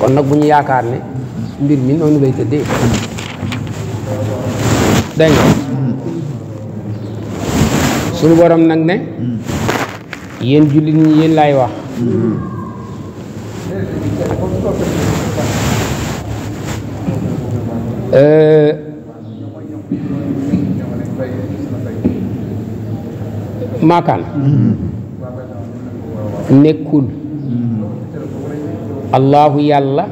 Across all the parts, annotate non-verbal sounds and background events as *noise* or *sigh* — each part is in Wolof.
kon nag bu ñu yaakaar ne mbir mi noonu lay tëddee dégg nga suñu borom nag ne yéen jullit ñi yéen laay wax maakaan mm-hmm. nekkul allahu yàlla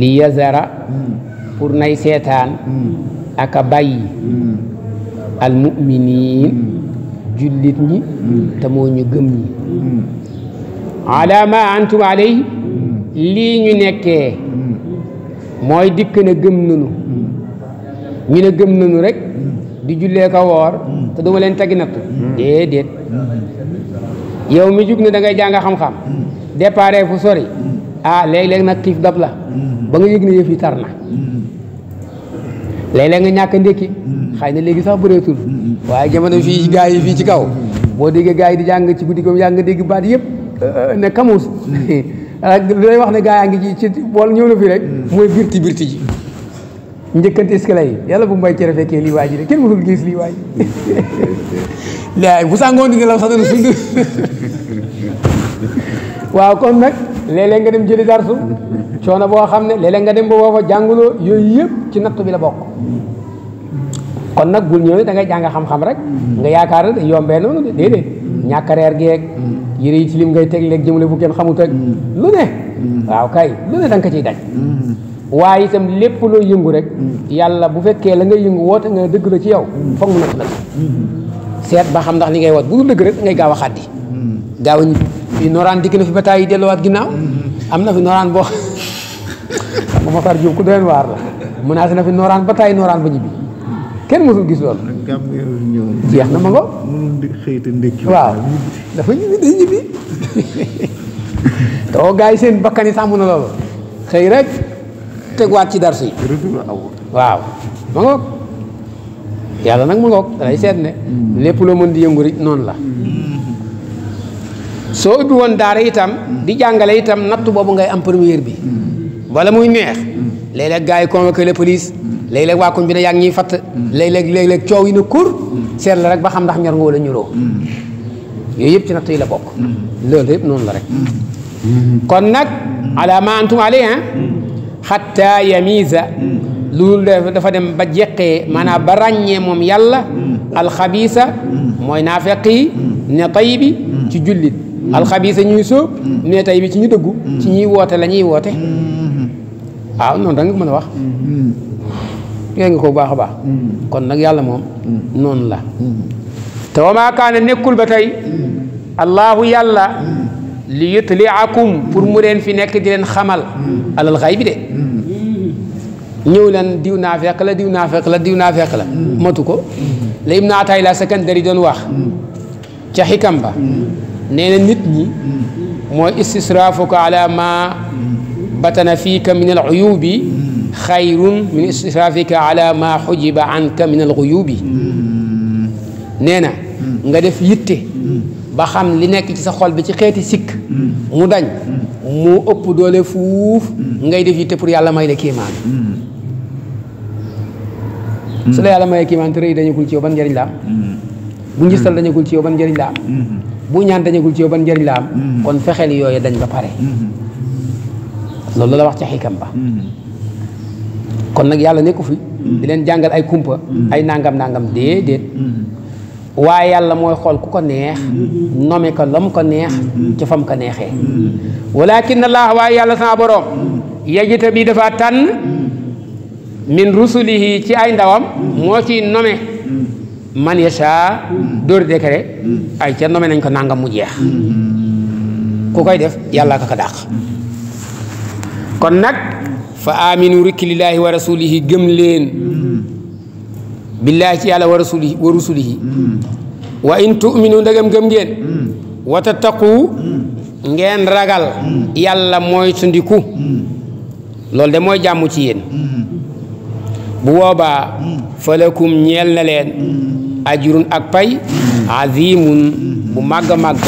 li yasara pour nay seetaan aka bàyyi almuminin jullit ñi te moo ñu gëm ñi ala ma antum lii ñu nekkee mooy dikk na gëm nanu ñu ne gëm nanu rek di jullee ko woor te duma tagi nattu déedéet yow mi jug ne da ngay jàng xam-xam déparé fu sori mm. ah léeg-léeg nag xiif dab la mm. ba nga yëg ne yëf tar na mm. léeg-léeg nga ñàkk ndékki xëy na léegi sax bëreetul waaye jamono fii gaa yi fii ci kaw boo déggee gaa yi di jàng ci guddi ko yaa nga dégg baat yëpp euh, ne kamuus lay *laughs* wax ne gaa yaa ngi ci ci bool ñëw na fi rek mooy birti birti ji njëkkante escalier yi yàlla bu mbay cere fekkee lii waa ji de kenn mënul gis lii waa ji *laughs* laay bu sàngoon di nelaw sax dana *laughs* sund waaw kon nag léeg-léeg nga dem jëli darsu coono boo xam ne léeg nga dem ba boo ko jànguloo yooyu yëpp ci natt bi la bokk kon nag bul ñëwee da ngay jàng xam-xam rek nga yaakaar ne yombee noonu de déedéet ñàkk reer geeg yére yi ci lim ngay teg léeg jëmale bu kenn xamut ak lu ne waaw kay lu ne da nga ko ciy daj waaye itam lépp loo yëngu rek yàlla bu fekkee la nga yëngu woote nga dëgg ci yow foog mu natt seet ba xam ndax li ngay woot bu dul dëgg rek ngay gaaw a xàddi gaaw fii noraan dikk na fi bataay yi delluwaat ginnaaw mm-hmm. am na fi noraan boo xam nga Matar Diop ku doon waar la menacé na fi noraan bataay noraan ba ñibbi kenn mosul gis loolu. jeex na ma ngo. waaw dafa ñibbi day ñibbi. doo *laughs* gars yi seen bakkan yi sàmm na loolu xëy rek tegwaat ci darsu yi. waaw ma ngoog yàlla nag ma ngoog seet ne mm. lépp loo mën di yëngu rek noonu la. Mm. soo ubbi woon daara itam di jàngale itam nattu boobu ngay am première bi wala muy neex léeg-léeg gars yi convoqué la police léeg-léeg waa koñ bi ne yaa ngi ñuy fatt léeg-léeg coow yi ne kur seet la rek ba xam ndax ñor nga wala ñoroo yooyu yëpp ci natt yi la bokk loolu yëpp noonu la rek kon nag ala ma antum alay xatta ah, yamiza loolu dafa dem ba jeqee maanaam ba ràññee moom yàlla alxabiisa mooy naafeq yi ne taybi ci jullit Mm. alxabiisa ñuy sóob ne mm. tay bi ci ñu dëggu mm. ci ñuy woote lañuy woote waaw noonu da nga ko mën a wax yooyu mm-hmm. nga ko baax a baax kon nag yàlla moom noonu la te wa maa kaana nekkul ba tey allahu yàlla li yutliakum pour mu leen fi nekk di leen xamal alal xay bi de ñëw leen diw naa fekk la diw naafek la diw naa fekk la matu ko la im naa tay la Sakandari doon wax ca xikam ba nee nit ñi mooy istisraafuka ala ma batana fiika min al uyubi xayrun min istisraafika ma xujiba anka min al guyubi nee na nga def yitte ba xam li nekk ci sa xol bi ci xeeti sikk mu dañ mu ëpp doole fuuf ngay def yitte pour yàlla may la kéemaan su la yàlla may la kéemaan te rëy dañu gul ci yow ban njëriñ la mm. ci njëriñ la bu ñaan dañagul ci yow ban njëriñ la am mm-hmm. kon fexeel yooyu dañ ba pare mm-hmm. loolu la wax ca xikam ba mm-hmm. kon nag yàlla nekku fi di leen jàngal ay kumpa ay nangam nangam déedéet waaye yàlla mooy xool ku ko neex nome ko lam ko neex ci fam ko neexee walakin allah waaye yàlla sama borom yajita bi dafa tànn min rusulihi ci ay ndawam moo ciy nome man yasha dóori décret ay ca nommé nañ ko nangam mu jeex ku koy def yàlla ka ko kon nag fa aminu rikki lillaahi wa rasulihi gëm leen billaahi ci yàlla wa rasulihi wa in tu'minu ndegam gëm wata wa tattaqu ngeen ragal yàlla mooy sundiku loolu de mooy jàmm ci yéen bu boobaa falakum ñeel na ajurun ak pay azimun bu màgg a màgg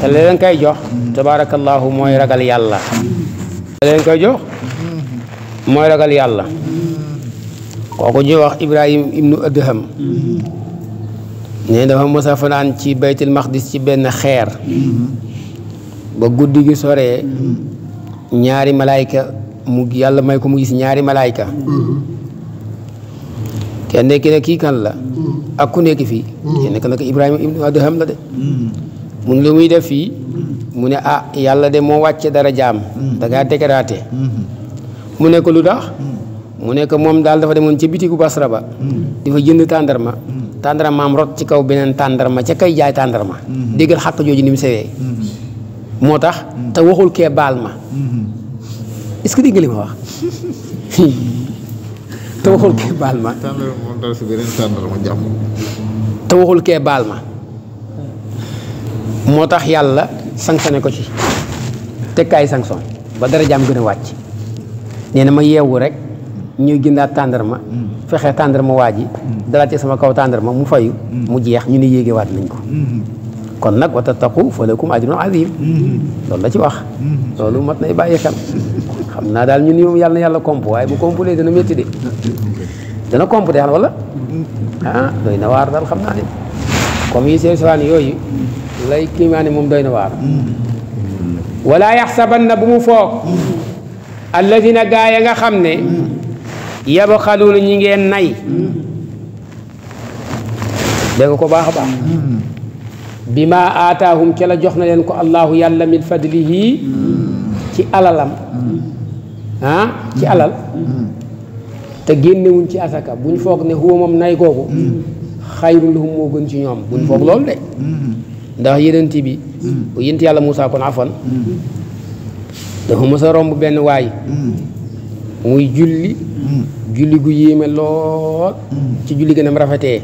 te la leen koy jox tabarakallahu mooy ragal yàlla la leen koy jox mooy ragal yàlla kooku ñu wax ibrahim ibnu adham ne dafa mos fanaan ci baytul maqdis ci benn xeer ba guddi gi sore ñaari malaayka mu yàlla may ko mu gis ñaari malaayka kenn ki ne kii kan la ak ku nekk fii mm. nekk na nag Ibrahima ibnu Adham la de mm. mun lu muy def fii mm. mu ne ah yàlla de moo wàcce dara jaam dagaa ngaa dégraté mm-hmm. mu ne lu tax mu nekk moom daal dafa demoon ca bitigu Basra ba dafa jënd tàndarma tàndarmaam rot ci kaw beneen tàndarma ca kay jaay tàndarma mm-hmm. déggal xàq jooju ni mu sewee mm-hmm. moo tax te waxul kee baal ma est-ce que ma wax *laughs* te waxul kee baal ma moo tax yàlla sanctionné ko ci teg kaay sanction ba dara jaam gën a wàcc nee ma yeewu rek ñuy gëndaat tàndarma fexe tàndarma waa ji dalaat ci sama kaw tàndarma mu fayu mu jeex ñu ne yéegewaat nañ ko kon nag wa tattaqu fa lakum ajrun azim mm-hmm. loolu la ci wax mm-hmm. loolu mat nay bàyyi xel xam naa daal ñun yow yàlla na yàlla komp mu bu kompulee dana métti de dana komp de xal mm-hmm. ah, doy na waar daal xam naa ne comme yi seen sawaan yooyu lay kiimaane moom doy na waar wala yaxsabanna bu mu foog alladina gaa ya nga xam ne yabxaluuna ñi ngeen nay dégg ko baax baax bi ma aataahum ca la jox na leen ko allahu yàlla min fadlihi ci alalam ah ci alal te génnewuñ ci asaka buñ ñu foog ne huwa moom nay googu xayrun lahum moo gën ci ñoom bu ñu foog loolu de ndax yénent bi bu yént yàlla Moussa kon afan dafa mës a romb benn waay muy julli julli gu yéeme lool ci julli gën a rafetee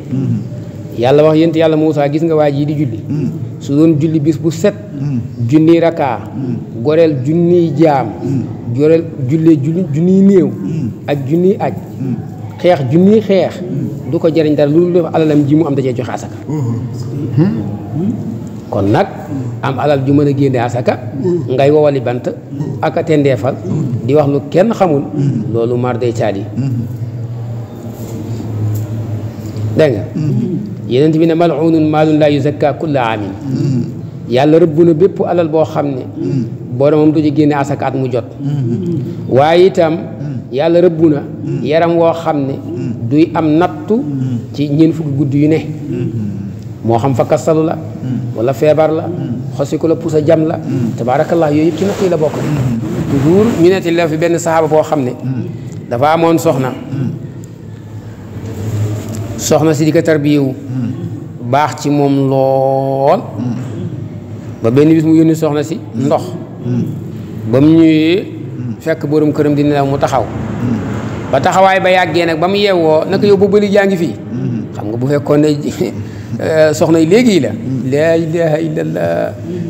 yàlla wax yent yàlla Moussa gis nga waa ji di julli hmm. su doon julli bis bu set hmm. junniy rakaa hmm. goreel junniy jaam goreel jullee julli junniy néew ak junniy aj xeex junniy xeex du ko jëriñ dara lu def alalam ji mu am dajee joxe asaka kon nag am alal ju mën a génne asaka ngay wowali bant ak a tendeefal di wax lu kenn xamul loolu mar day caali dégg yeneen bi ne malxuunun maalun laa yuzakkaa kulla aamin mm. yàlla rëbb bépp alal boo xam ne mm. boromam du ci génne asaka at mu jot mm. waaye itam yàlla rëbb yaram woo xam ne duy am nattu ci ñeent fukki guddi yu ne moo xam fa kastalu la wala feebar la xosiku la pusa jam la tabaarakallah yooyu yëpp ci nattu yi la bokk toujours ñu netti la fi benn saxaaba boo xam ne dafa amoon soxna soxna si di ko tarbiyewu hmm. baax ci moom lool hmm. ba benn bis mu yónni soxna si hmm. ndox ba mu ñëwee fekk borom këram di nelaw mu taxaw ba taxawaay ba yàggee nag ba mu yeewoo naka yow bu bëli jaa ngi fii xam nga bu fekkoon ne *laughs* euh, soxna yi léegi yi la laa ilaha illallah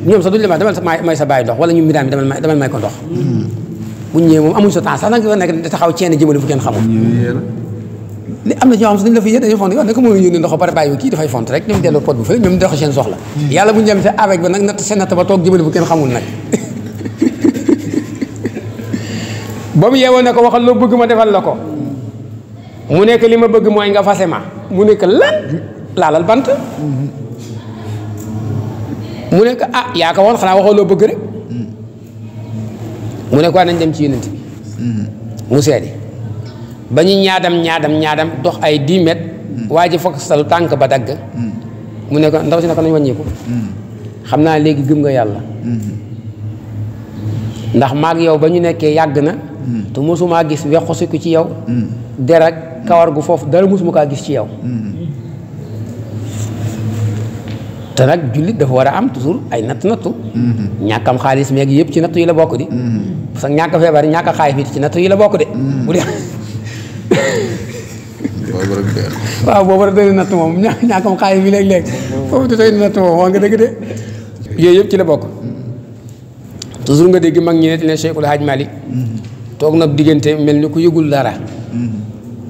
ñoom sax duñ la wax demal may sa baay ndox wala ñu mbiraam bi demal may ko ndox bu ñëwee moom amuñ sa temps sax nanga nekk taxaw ceen jëmale fu kenn xamul li am na ñoo xam su dañu la fa yéen dañu font wax naka mooy yónni ndox ba pare bàyyi kii dafay font rek ñoom delloo pot bu fële ñoom dox seen soxla yàlla bu ñu demee avec ba nag natt seen natt ba toog jëbali bu kenn xamul nag *laughs* ba mu yeewoo ne ko waxal loo bëgg ma defal la ko mu nekk li ma bëgg mooy nga fase ma mu nekk lan laalal bant mu nekk ah yaa ko waxoon xanaa waxoo loo bëgg rek mu ne ko ah, nañ dem ci yonent bi mu seede ba ñu ñaadam ñaadam ñaadam dox ay 10 mm. waa ji fokkastalu tànk ba dagg mm. mu nekk ndaw si ne ko nañ wàññeeku mm. xam naa léegi gëm nga yàlla ndax maag yow ba ñu nekkee yàgg na te mosumaa gis weqosiku ci yow der ak kawar gu foofu dara mosuma kaa gis ci yow te nag jullit dafa war a am toujours ay natt nattu mm-hmm. ñàkkam xaalis meeg yëpp ci natt yi la bokk di mm-hmm. parce ñàkk feebar ñàkk xaalis bi ci natt yi la bokk de mm-hmm. *laughs* waaw boobu rek doy na natt moom ña ñàkkam xaalis bi léeg-léeg foofu doy na natt moom wax nga dëgg de yooyu yëpp ci la bokk toujours nga dégg mag ñi ne Cheikhul Hadj Malick toog na diggante mel ni ku yëgul dara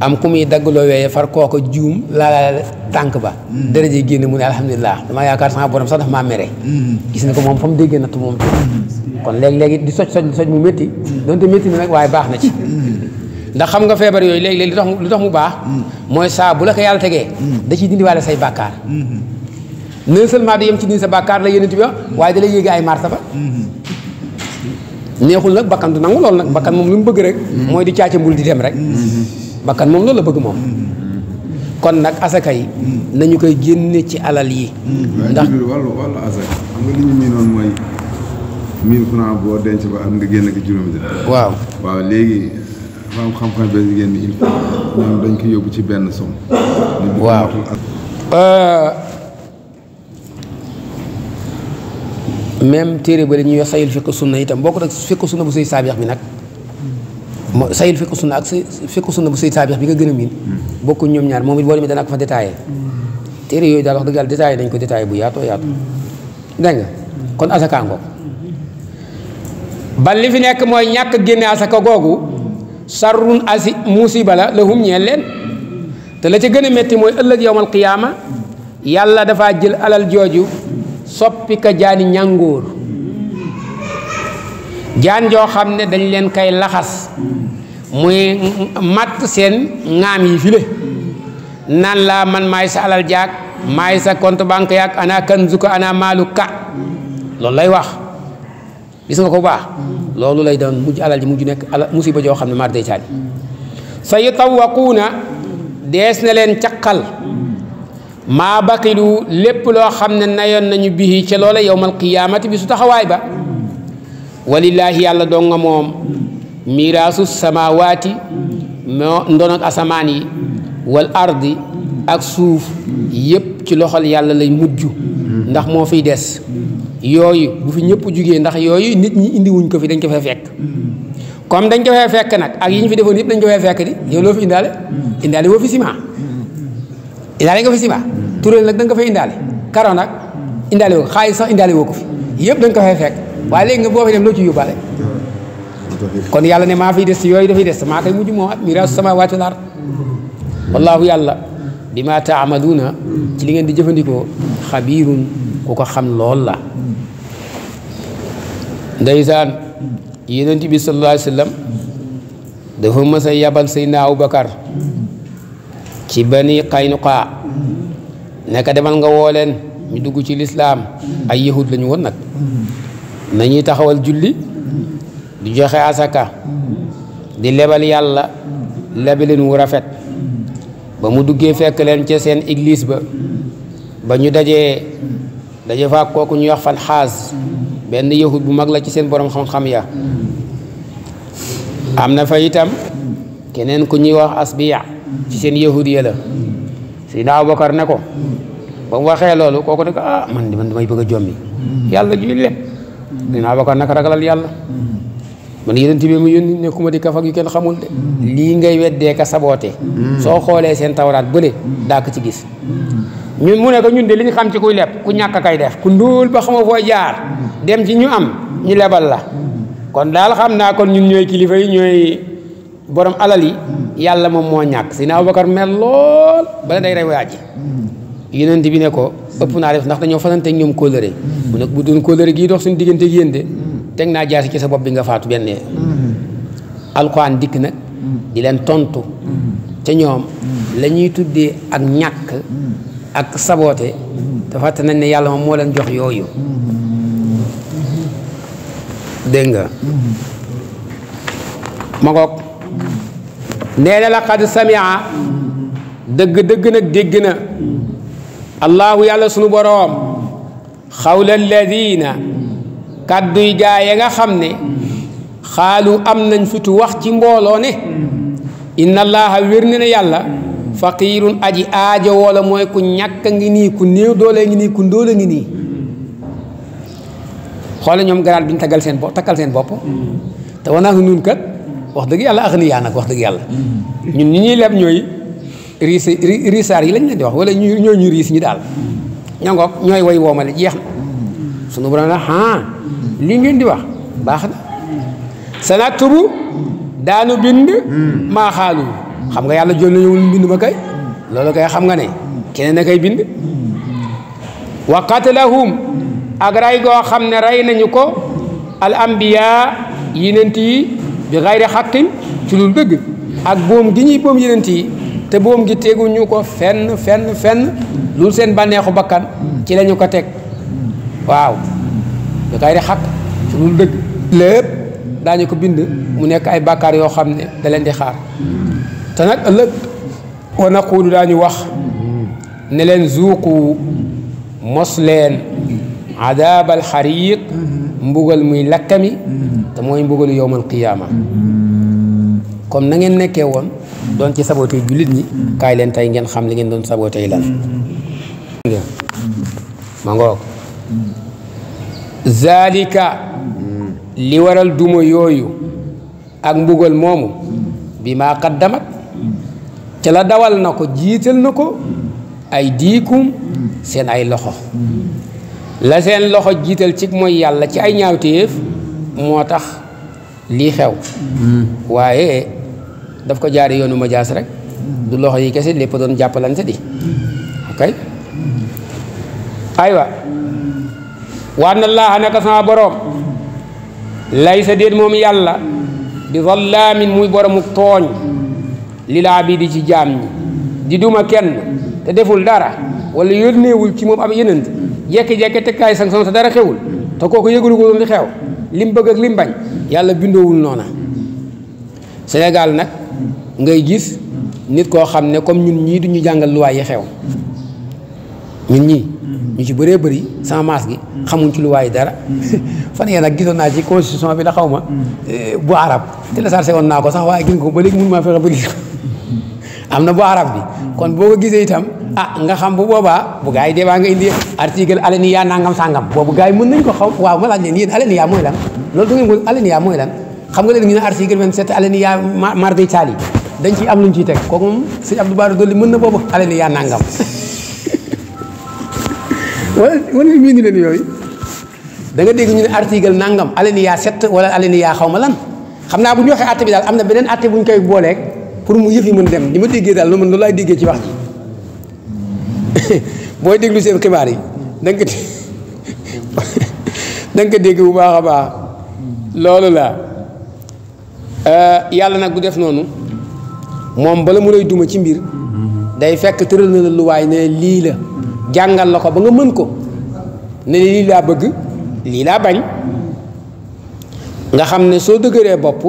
am ku muy dagg daggloo weeye far kooka juum laalaale tànk ba dara ji mu ne alhamdulilah damaa yaakaar sama borom sax dafa maa mere gis na ko moom fa mu déggee natt moom kon léeg-léeg di soj soj mu métti donte métti na nag waaye baax na ci ndax xam nga feebar yooyu léeg-léeg li lu tax mu baax mooy saa bu la ko yàlla tegee da ciy dindiwaale say bàkkaar non seulement da yem ci dindi sa bàkkaar la yénent bi wax waaye da lay yéegi ay martaba neexul nag bakkan du nangu loolu nag bakkan moom lu mu bëgg rek mooy di caaca mbul di dem rek bakkan moom loolu la bëgg moom kon nag asaka yi nañu koy génne ci alal yi ndax wàllu wàllu asaka xam nga waaw waaw léegi dafa am xam-xam benn ci benn som waaw euh, même téere ba dañuy wax sayul fekk sunna itam bokkut ak fekk sunna bu sëy saabiix bi nag mo sayul fekk sunna ak fekk sunna bu sëy bi nga gën a miin bokku ñoom ñaar moom it boo demee danaa ko fa détaillé téere yooyu daal wax dëgg yàlla détaillé ko détaillé bu yaatoo yaatu dégg kon asakaango ba li fi nekk mooy ñàkk génne asaka googu sarrun asi musiba la lahum ñeel leen te la ca gën a métti mooy ëllëg yowmal qiyaama yàlla dafa jël alal jooju soppi ka jaani ñàngóor jaan joo xam ne dañ leen kay laxas muy matt seen ŋaam yi file naan la man maay sa alal jaag maay sa compte banque yaag ana kanzuka ana maalu ka loolu lay wax gis nga ko bu baax loolu lay doon mujj alal ji mujj nekk alal musiba joo xam ne mar day taali sa yutawaquuna dees na leen caqal maa bakilu lépp loo xam ne nayoon nañu bihi ca loola yowmal qiyaamati bi su taxawaay ba walillaahi yàlla donga moom miraasu samaawaati moo ndono asamaan yi wal ardi ak suuf yépp ci loxol yàlla lay mujj ndax moo fiy des yooyu bu fi ñëpp jugee ndax yooyu nit ñi indiwuñ ko fi dañ ko fee fekk comme dañ ko fee fekk nag ak yi ñu fi defoon yëpp dañ ko fee fekk di yow loo fi indaale indaale fi ciment indaale nga fi turéel nag da nga ko fee indaale nag indaale woo sax indaale ko yëpp da ko fee fekk waaye léegi nga boo fi dem loo ci yóbbaale kon yàlla ne maa fi des yooyu dafay des maa koy mujj moom at miraasu sama wal ard wallaahu yàlla bi maa taamaluuna ci li ngeen di jëfandikoo xabiirun ku ko xam lool la ndeysaan yonent bi sallallahu alayhi wa dafa mës a yabal Seydina Abubakar ci bani Qaynuqaa nekk demal nga woo leen ñu dugg ci lislaam ay yahud lañu woon nag nañuy taxawal julli di joxe asaka di lebal yàlla lebelin wu rafet ba mu duggee fekk leen ca seen église ba ba ñu dajee daje fa kooku ñuy wax fan xaas benn yahud bu mag la ci seen borom xam-xam ya am na fa itam keneen ku ñuy wax asbiya ci seen yahud la Seydina Abubakar ne ko ba mu waxee loolu kooku ne ah man di man bëgg a jommi yàlla juy lépp Seydina Abubakar naka ragalal yàlla man yonent bi mu yónni nekkuma di kafak yu kenn xamul lii ngay weddee ka saboote mm. soo xoolee seen tawraat bële daa ko ci gis ñun mu ne ko ñun de li xam ci kuy leb ku ñàkk kay def ku ndóol ba xamoo foo jaar dem ci ñu am ñu lebal la kon daal xam naa kon ñun ñooy kilifa yi ñooy borom alal yi yàlla moom moo ñàkk si na Abubakar mel lool bala day rey waaj yonent bi ne ko ëpp naa def ndax dañoo fanante ñoom kóllëre bu nag bu doon kóllëre gii dox suñu diggante ak de teg naa jaar si ci sa bopp bi nga faatu benn alxuraan dikk nag di leen tontu te ñoom la ñuy tuddee ak ñàkk ak saboote te fàtte nañ ne yàlla moom moo leen jox yooyu dégg nga ma ngoog nee na laqad samia dëgg-dëgg na dégg na allahu yàlla sunu xaw xawla alladina kàdduy gaa ya nga xam ne xaalu am nañ fitu wax ci mbooloo ne inna allaha wér na yàlla faqiirun aj aajo wala mooy ku ñàkk a ngi nii ku néew doole ngi nii ku ndóole ngi nii xoole ñoom garaat bi ñu tagal seen bopp takkal seen bopp te wanaaku nun kat wax dëgg yàlla ak ni yaa nag wax dëgg yàlla ñun ñi ñuy leb ñooy riis riisaar yi lañ leen di wax wala ñu ñooy ñu riis ñi daal ñoo ngoog ñooy way woomale jeex na sunu borom na ah li ngeen di wax baax na sanaktubu daanu bind hmm. maa xaalu xam nga yàlla jël nañu mbind ma kay loolu kay xam nga ne keneen na kay bind wa qatalahum ak ray goo xam ne rey nañu ko al ambiya yenent yi bi xayri xaqin ci lu dëgg ak boom gi ñuy boom yenent yi te boom gi teguñu ko fenn fenn fenn lu seen bànneexu bakkan ci lañu ko teg waaw bi xayri xaq ci lu dëgg lépp daañu ko bind mu nekk ay bàkkaar yoo xam ne da leen di xaar te nag ëllëg wa naqulu daañu wax ne leen zuuqu mos leen adaabal xariiq mbugal muy lakkami te mooy mbugalu yowmal qiyaama comme na ngeen nekkee woon doon ci saboté yu jullit ñi kay leen tey ngeen xam li ngeen doon saboté yi lan ma li waral duma yooyu ak mbugal moomu bi maa qaddamat ci la dawal na ko jiital na ko ay diikum seen ay loxo la seen loxo jiital ci mooy yàlla ci ay ñaawteef moo tax lii xew waaye daf ko jaari yoonu majaas rek du loxo yi kese lépp doon jàppalante di ok aywa waa na laaxa naka sama boroom lay sa déet moom yàlla bi zallaamin muy boroomu tooñ lilaa bi di ci jaam ñi di duma kenn te deful dara wala yónneewul ci moom ab yenant jekke-jekke te kaay sanction te dara xewul te kooku yëgulu ko doon di xew lim bëgg ak lim bañ yàlla bindoowul noona Sénégal nag ngay gis nit koo xam ne comme ñun ñii duñu jàngal lu yi xew ñun ñii ñu ci bëree bëri sama maas gi xamuñ ci luwaay dara *laughs* fan yee nag gisoon naa ci constitution bi la xaw ma eh, bu arab téléchargé woon naa ko sax waaye gis nga ko ba am na bu arab bi kon boo ko gisee itam ah nga xam bu boobaa bu gars yi debaa nga indi article alaniya nangam sàngam boobu gaa yi mën nañ ko xaw waaw ma leen yéen alaniya mooy lan loolu du ngeen ko alaniya mooy lan xam nga léegi ñu ne article 27 alaniya mardi taali dañ ciy am luñ ciy teg kooku moom sëñ Abdou Bara mën na boobu alaniya nangam *laughs* wala wala mii ni leen yooyu da ñu ne article nangam alaniya 7 wala alaniya xaw ma lan xam naa bu ñu waxee atte bi daal am na beneen atte bu ñu koy booleeg pour mu yëf yi mën dem li ma déggee daal loolu man loolu laay déggee ci wax ji *laughs* booy déglu seen xibaar yi da nga ko *laughs* da nga ko dégg bu baax a baax loolu la eh, yàlla nag bu def noonu moom bala mu lay duma ci mbir day fekk tëral na la waaye ne lii la jàngal la ko ba nga mën ko ne lii laa bëgg lii laa bañ nga xam ne soo dëgëree bopp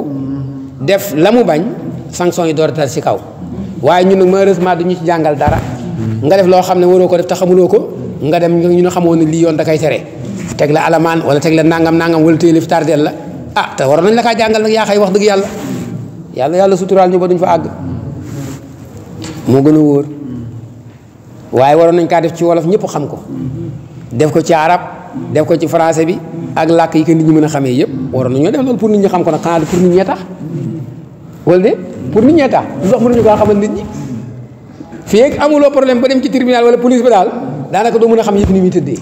def la mu bañ sanction yi door a dal si kaw waaye ñun nag malheureusement duñu ci jàngal dara nga def loo xam ne waroo ko def te xamuloo ko nga dem ñu ne xamoon ne lii yoon da koy tere teg la alamaan wala teg la nangam nangam wala téye fi tardeel la ah te waroon nañ la kaa jàngal nag yaa xay wax dëgg yàlla yàlla yàlla suturaal ñu ba duñ fa àgg moo gën a wóor waaye waroon nañ kaa def ci wolof ñëpp xam ko def ko ci arab def ko ci français bi ak làkk yi ko nit ñi mën a xamee yëpp waroon nañoo def loolu pour nit ñi xam ko nag xanaa pour nit ñee tax pour nit ñee tax lu tax mënuñu kaa xamal nit ñi fii ak amuloo problème ba dem ci tribunal wala police ba daal daanaka doo mën a xam yëf ni muy tëddee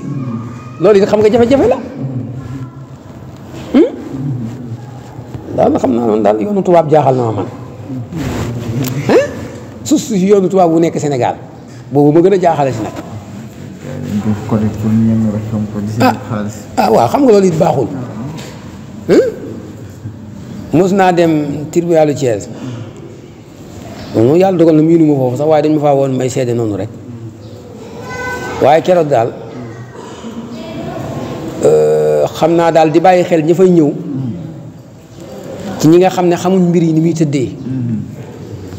loolu it xam nga jafe hmm? xam naa noonu daal yoonu jaaxal na ma man suuf si bu nekk Sénégal boobu ma gën a jaaxale si nag. ah ah waaw loolu it baaxul. Hmm? mos naa dem tribunalu Thiès. moom yàlla dogal na miinu ma foofu sax waaye dañ ma faa woon may seede noonu rek waaye keroog daal euh, xam naa daal di bàyyi xel ña fay ñëw ci ñi nga xam ne xamuñ mbir yi ni muy tëddee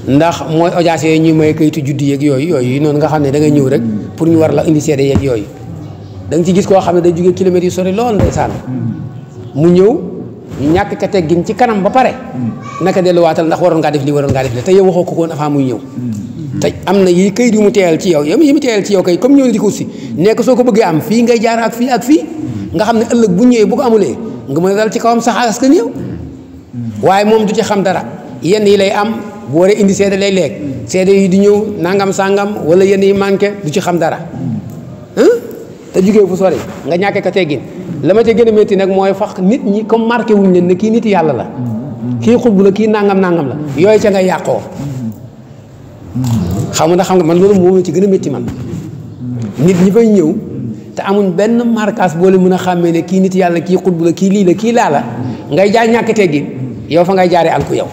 ndax mooy audience yooyu ñuy may kayitu juddu yeeg yooyu yooyu noonu nga xam ne da ngay ñëw rek pour ñu war la indi seede yeeg yooyu da ci gis koo xam ne day jógee kilomètres yu sori lool ndeysaan mu ñëw. ñu ñàkk ka teggin ci kanam ba pare mm. naka delluwaatal ndax waroon ngaa def lii waroon ngaa def lii te yow waxoo ko woon avant muy ñëw mm. te am na yi kayit yu mu ci yow yow yi mu teeyal ci yow kay comme ñëw na di ko si nekk ko soo ko bëggee am fii ngay jaar ak fii ak fii mm. nga xam ne ëllëg bu ñëwee bu ko amulee nga mën a dal ci kawam sax askan yow waaye moom du ci xam dara yenn yi lay am bu waree indi seede lay leeg seede yi di ñëw nangam sangam wala yenn yi manqué du ci xam dara te jugee fu sori nga ñàkkee ka la ma ca gën a métti nag mooy fax nit ñi comme marqué wuñ leen kii nit yàlla la kii xutbu la kii nangam nangam la yooyu ca ngay yàqoo xam nga xam nga man loolu moo ci gën a métti man nit ñi fay ñëw te amuñ benn marquage boo leen mën a xàmmee ne kii nit yàlla kii xutbu la kii lii la kii laa la ngay jaay ñàkk teggin yow fa ngay jaaree alku yow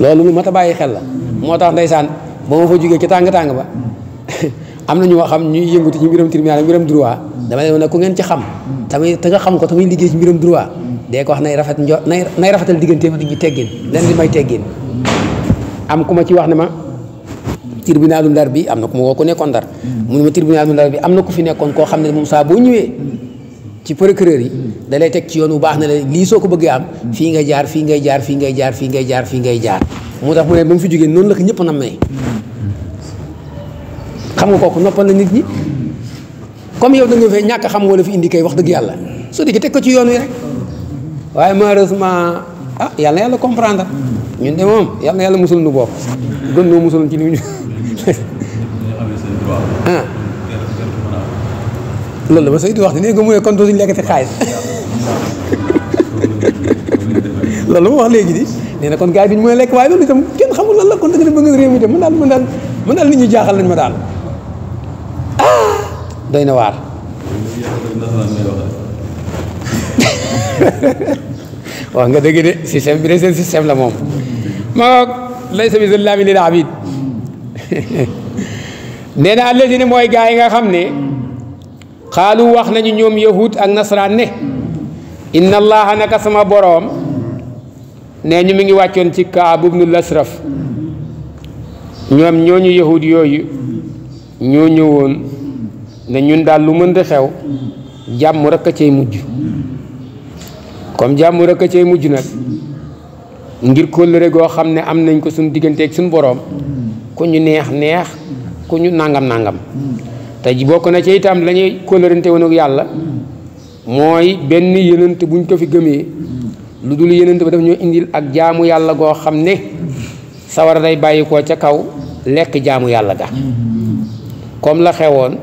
loolu lu mat a bàyyi xel la moo tax ndeysaan ba ma fa jógee ci tàng-tàng ba *laughs* am na ñoo xam ñuy yëngatu ci mbiram tribunal ak mbiram droit dama leen ne ku ngeen ci xam tamit te nga xam ko tamit liggéey ci mbiram droit dee ko wax nay rafet njo nay rafetal diggante ma nit ñi teggin leen di may teggin am ku ma ci wax ne ma tribunalu ndar bi am na ku ma woo ku nekkoon ndar mu ne ma tribunalu ndar bi am na ku fi nekkoon koo xam ne moom saa boo ñëwee ci procureur yi da teg ci yoon wu baax ne la lii soo ko bëggee am fii ngay jaar fii ngay jaar fii ngay jaar fii ngay jaar fii ngay jaar moo tax mu ne fi jógee noonu la ko ñëpp nammee xam nga kooku noppal na nit ñi comme yow da fee ñàkk xam wala fi indi kay wax dëgg yàlla su di teg ko ci yoon wi rek waaye ma malheureusement ah yàlla yàlla comprendre ñun de moom yàlla yàlla musul nu bokk gën noo musul ci li *laughs* ah. loolu la ma sëy di wax dinañ ko mu ne kon dootuñu lekkati xaalis *laughs* loolu ma wax léegi di nee na kon gars yi duñ mooy lekk waaye loolu itam kenn xamul lan la kon da nga ne bëgg réew mi itam man daal man daal man nit ñi jaaxal nañ ma daal doy na waar. *laughs* wax nga dëgg de système bi de seen système la moom maa lay sa bisul laa mi lil abid nee na allazina mooy gaa yi nga xam ne xaalu wax nañu ñoom yahud ak nasaraan ne inna allaha naka sama boroom nee ñu mi ngi wàccoon ci kaab ibnul asraf ñoom ñooñu yahud yooyu ñoo ñëwoon ne ñun daal lu mën di xew jàmm rek a cay mujj comme jàmm rek a cay mujj nag ngir kóllëre goo xam ne am nañ ko suñu digganteeg suñu boroom ku ñu neex neex ku ñu nangam nangam tey ji bokk na ci itam lañuy ñuy kóllërante woon yàlla mooy benn yenant buñ ko fi gëmee lu dul yenant ba daf ñoo indil ak jaamu yàlla goo xam ne sawara day bàyyi ko ca kaw lekk jaamu yàlla ga comme la xewoon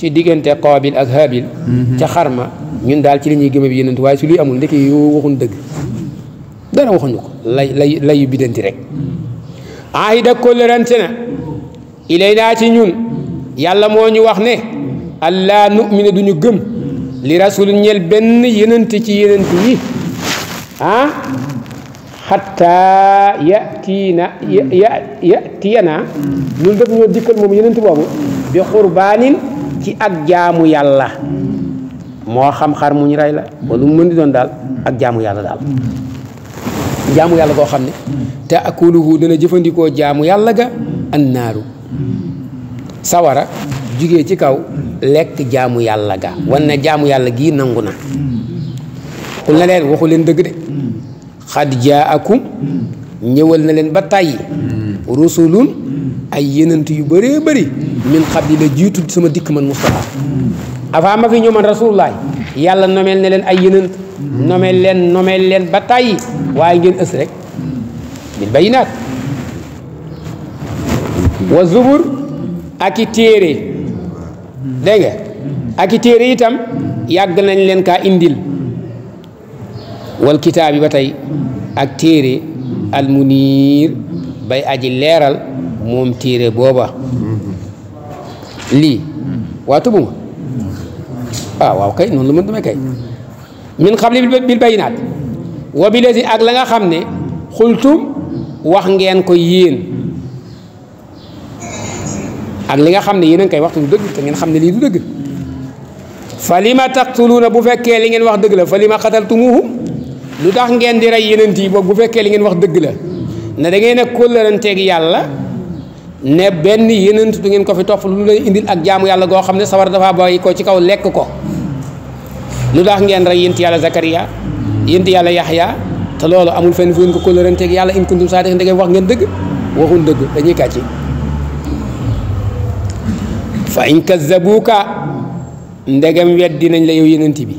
ci diggante qaabil ak haabil mhm. ca xarma ñun daal ci li ñuy gëm bi yenent waaye su luy amul ndekki yoo waxuñ dëgg dara waxuñu ko lay lay layu biddanti rek ahida kóllërante na ilay naa ci ñun yàlla moo ñu wax ne allah nu'mina duñu gëm li rasul ñel benn yenent ci yenent yi ah xatta yatiina ñun daf ñoo dikkal moom yenent boobu bi qurbaanin ci ak jaamu yàlla moo xam xar mu ñu rey la wala mu mën di doon daal ak jaamu yàlla daal jaamu yàlla koo xam ne te akuluhu dana jëfandikoo jaamu yàlla ga an naaru sawara jugee ci kaw lekk jaamu yàlla ga wan na jaamu yàlla gii nangu na xul na leen waxu leen dëgg de xad jaakum ñëwal na leen ba tàyyi rusulun ay yenant yu bëree bëri min qabli jiitu sama dikk man Moustapha avant ma fi ñëw man rasulullah yàlla nomeel ne leen ay yënant nomeel leen nomeel leen ba tàyyi waaye ngeen ës rek bil bayinaat wa zubur ak i téere dégg ak i téere itam yàgg nañ leen kaa indil wal kitaab yi ba tey ak téere al muniir bay aji leeral moom téere booba lii waatu bu ma ah, waaw kay noonu la mën demee kay min xam li bil bayinaat wa bi lesi ak la nga xam ne xultum wax ngeen ko yéen ak li nga xam ne yéen a koy waxtu du dëgg te ngeen xam ne lii du dëgg fa lima taqtuluuna bu fekkee li ngeen wax dëgg la fa li ma lima xataltumuuhum lu tax ngeen di rey yeneen yi boobu bu fekkee li ngeen wax dëgg la ne da ngeen a kóllëranteeg yàlla ne benn yeneen du ngeen ko fi topp lu lay indil ak jaamu yàlla goo xam ne sawar dafa bàyyi ko ci kaw lekk ko lu tax ngeen rey yént yàlla Zakariya yént yàlla Yaxya te loolu amul fenn fu ngeen ko kóllëranteeg yàlla in kuntum saadiqiin ndegem wax ngeen dëgg waxul dëgg dañuy kàcci fa in kazzabuuka ndegem weddi nañ la yow yenent bi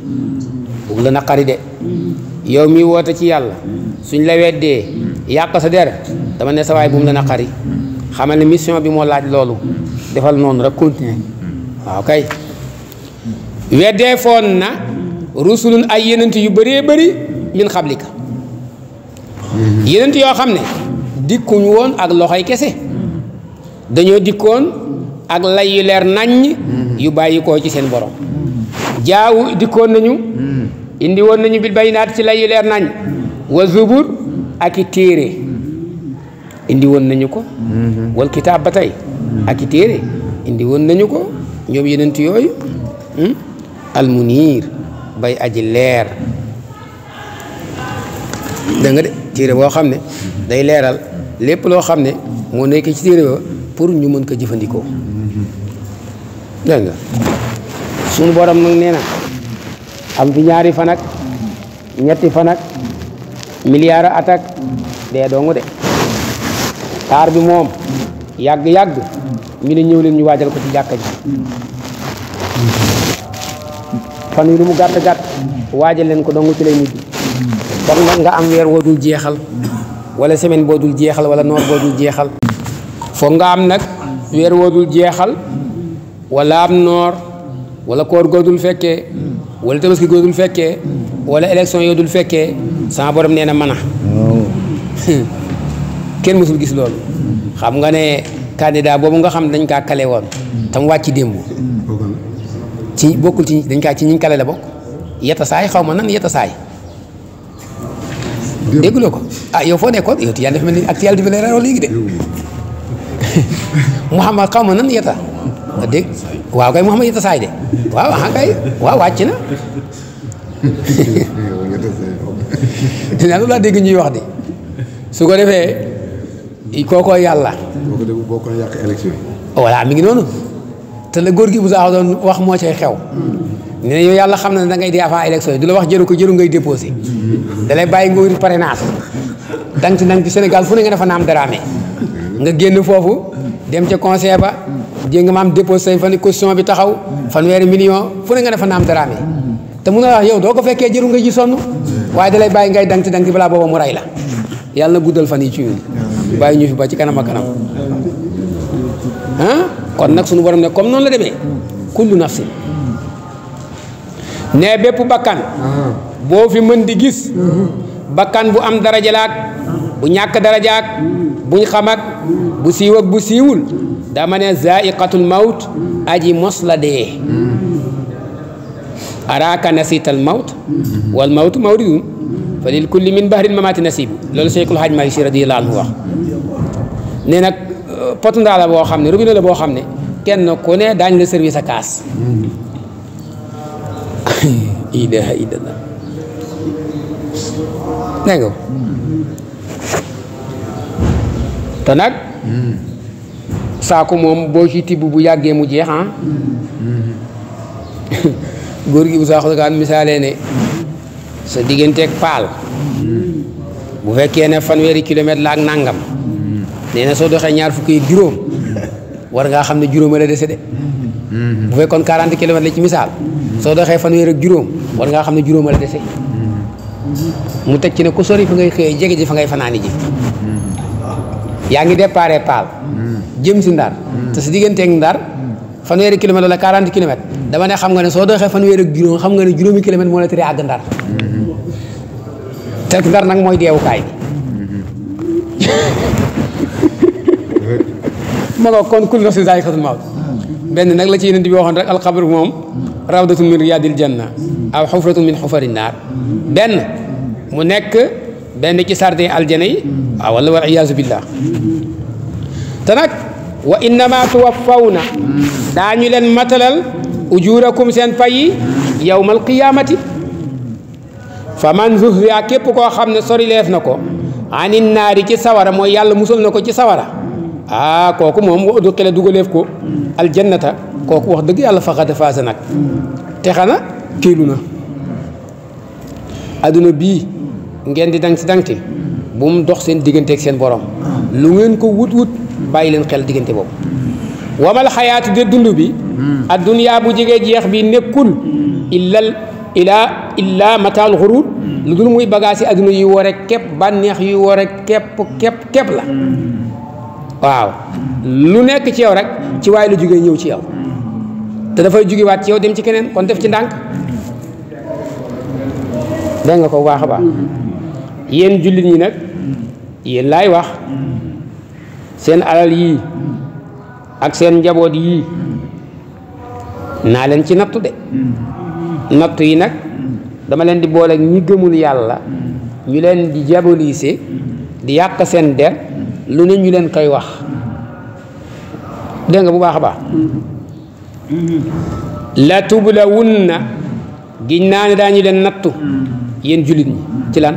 boobu la naqari de yow mi woote ci yàlla suñ la weddee yàq sa der dama ne sa waay bu la naqari xamal ne mission bi moo laaj loolu defal noonu rek continuer waaw kay weddeefoon na rusulun ay yenent yu bëree bëri min xablika yenent yoo xam ne dikkuñ woon ak loxoy kese dañoo dikkoon ak lay yu leer naññ yu bàyyi ci seen borom jaawu dikkoon nañu hmm. indi woon nañu bil baynaat ci lay yu leer naññ wa zubur ak i téere indi woon nañu ko mm-hmm. wal kitaab ba tey mm-hmm. ak i téere indi woon nañu ko ñoom yeneen yenent yooyu hmm? almuniir bay aji leer da de téere boo xam ne day leeral lépp loo xam ne moo nekk ci téere ba pour ñu mën ko jëfandikoo mm-hmm. dégg nga suñu borom nee na am fi ñaari fan ak ñetti fan ak miliyaar at dee doongu de taar bi moom yàgg-yàgg ñu ne ñëw leen ñu waajal ko ci jàkka ji fan yi lu mu gàtt gàtt waajal leen ko dong ci lay mujj kon nga am weer woo dul jeexal wala semaine boo dul jeexal wala noor boo jeexal foog nga am nag weer woo dul jeexal wala am noor walla koor goo dul fekkee wala tabaski goo dul fekkee wala élection yoo dul fekkee sama borom nee na mën a *laughs* kenn mësul gis loolu xam nga ne candidat boobu nga xam ne dañ kaa kale woon tam wàcc démb ci bokkul ci dañ ka ci ñiñ kale la bokk yetta saay xaw ma nan yetta saay dégguloo ko ah yow foo nekkoon yow Tijaan dafa mel ni actualité bi lay reeroo léegi de *laughs* Mouhamad xaw ma nan yetta dégg waaw kay Mouhamad yetta saay de waaw ah waaw wàcc na dinaa *laughs* *laughs* loolu laa dégg ñuy wax su ko defee kookoo yàlla. kooku de boo ko mi ngi noonu te la góor gi bu saax doon wax moo cay xew. Hmm. ne na yow yàlla xam na ne da ngay dee avant élection yi du la wax jëru ko jëru ngay déposé. Hmm. da bàyyi nga wut parrainage. dang ci dang ci fu ne nga dafa naam hmm. génn foofu dem ca conseil ba. jéeg maam déposé fan caution bi taxaw. fan fanweeri million fu ne nga dafa naam daraame. te mun a wax yow doo ko fekkee jëru nga ji sonn. waaye da bàyyi ngay dang ci dang ci balaa booba mu rey la. yàlla na guddal fan yi ci bàyyi ñu fi ba ci kanam kanam kon nag suñu borom ne comme noon la demee kullu nafsin ne bépp bakkan boo fi mën di gis bakkan bu am daraja laak bu ñàkk darajaak buñ xam ak bu siiw ak bu siiwul dama ne zaiqatul mawt aji i la dee araaka nasiital mawt wal mawtu mawridun fa lil kulli min bahrin mamaati nasibu loolu Seexul Hajj Maalik Si radiyallaahu anhu wax ne nag euh, pot ndaa la boo xam ne robinet la boo xam ne kenn ku ne daañ la service a kaas *laughs* ilaha te nag saako moom boo ci tibb bu yàggee mu jeex ah. *laughs* góor gi bu saaxu dakaan misaalee ne sa digganteek paal bu fekkee ne fanweeri kilomètre la ak nangam nee soo doxee ñaar fukki ak juróom war ngaa xam ne juróom la dese de bu fekkoon 40 kilomètres la ci misaal soo doxee fanweer ak juróom war ngaa xam ne juróom la dese mu teg ci ne ku sori fa ngay xëyee jege fa ngay fanaani ji ngi déparé Paal jëm si Ndar te si digganteeg Ndar fanweeri kilomètre wala 40 kilomètres dama ne xam nga ne soo doxee fanweeri ak juróom xam nga ne juróomi kilomètre moo la tëree àgg Ndar te Ndar nag mooy deewukaay bi ma nga kon kullu nafsin zaa'iqatul mawt benn nag la ci yeneen bi waxoon rek alxabru moom rawdatun min riyaadil janna aw xufratun naar benn mu nekk benn ci sardi aljana yi waaw wala wal iyaazu billah te nag wa innama tuwaffawna daañu leen matalal ujurakum seen pay yi qiyaamati fa man zuhriya képp koo xam ne sori leef na ko anin naari ci sawara mooy yàlla musal na ko ci sawara ah kooku moom du xile dugaleef ko aljannata kooku wax dëgg yàlla fa faasa nag texana kiilu na adduna bii ngeen di dang si dangti bu mu dox seen digganteeg seen borom lu ngeen ko wut wut bàyyi leen xel diggante boobu wamal xayaatu de dund bi ad duniyaa bu jegee jeex bi nekkul illal ilaa illaa mataal xurur lu dul muy bagage yi adduna yuy wore képp bànneex yuy wore képp képp la waaw lu nekk ci yow rek ci waay lu jógee ñëw ci yow te dafay jógewaat ci yow dem ci keneen kon def ci ndànk dégg nga ko bu baax a jullit yi nag yéen laay wax seen alal yii ak seen njaboot yii naa leen ci nattu de nattu yi nag dama leen di boole ñi gëmul yàlla ñu leen di diaboliser di yàq seen der lu ne ñu leen koy wax dégg nga bu baax a baax la na giñ naa ne daañu leen nattu yéen jullit ñi ci lan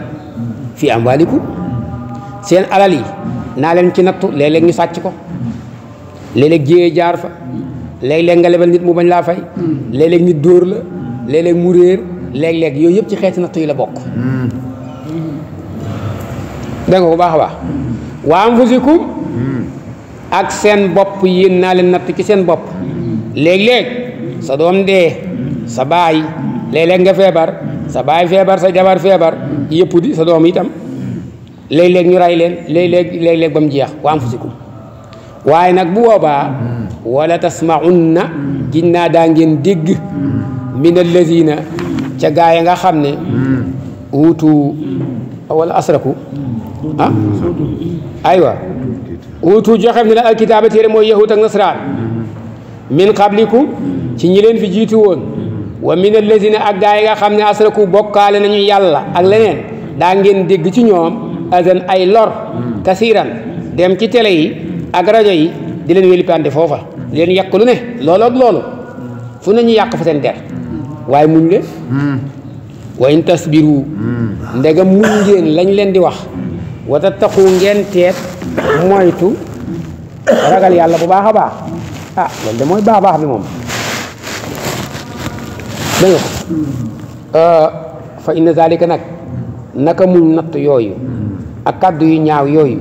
fii amwaalikum seen alal yi naa leen ci nattu léeg-léeg ñu sàcc ko léeg-léeg jaar fa léeg-léeg nga lebal nit mu bañ laa fay léeg-léeg nit dóor la léeg mu réer léeg-léeg yooyu yëpp ci xeeti nattu yi la bokk hmm. dégg bu baax a baax waa anfusikum ak seen bopp yéen naa leen natt ci seen bopp léeg-léeg sa doom dee sa baay léeg-léeg nga feebar sa baay feebar sa jabar feebar yëpp di sa doom itam léeg-léeg ñu ray leen léeg-léeg léeg-léeg ba mu waaye nag bu boobaa wala tasmaunna giñ naa daa ngeen dégg min allazina ca gaay ya nga xam ne wuutu wala asraku ah aywa uutu joxe ne la alkitaaba téere mooy yahut ak nasaraan min qablikum ci ñi leen fi jiitu woon wa min allazina ak a yi nga xam ne asraku bokkaale nañu yàlla ak leneen daa ngeen dégg ci ñoom azan ay lor kasiiran dem ci télé yi ak rajo yi di leen wélipande foofa di leen yàq lu ne loolu loolu fu nañu yàq fa seen der waaye muñ leen hmm. wa in tasbiru hmm. ndegam muñ ngeen lañ leen di wax wata taxu ngeen teet moytu ragal yàlla bu baax a baax ah loolu de mooy baax baax bi moom da nga euh, fa inna zalika nag naka muñ natt yooyu ak kàddu yu ñaaw yooyu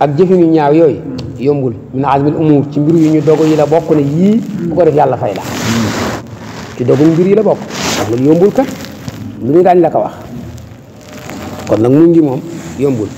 ak jëfin yu ñaaw yooyu yombul min azmil umur ci mbir yu ñu dogu yi bokk ne yii bu ko def yàlla fay la ci dogu mbir yi la bokk ndax yombul kat lu ñu daañ la ko wax kon nag muñ gi moom yombul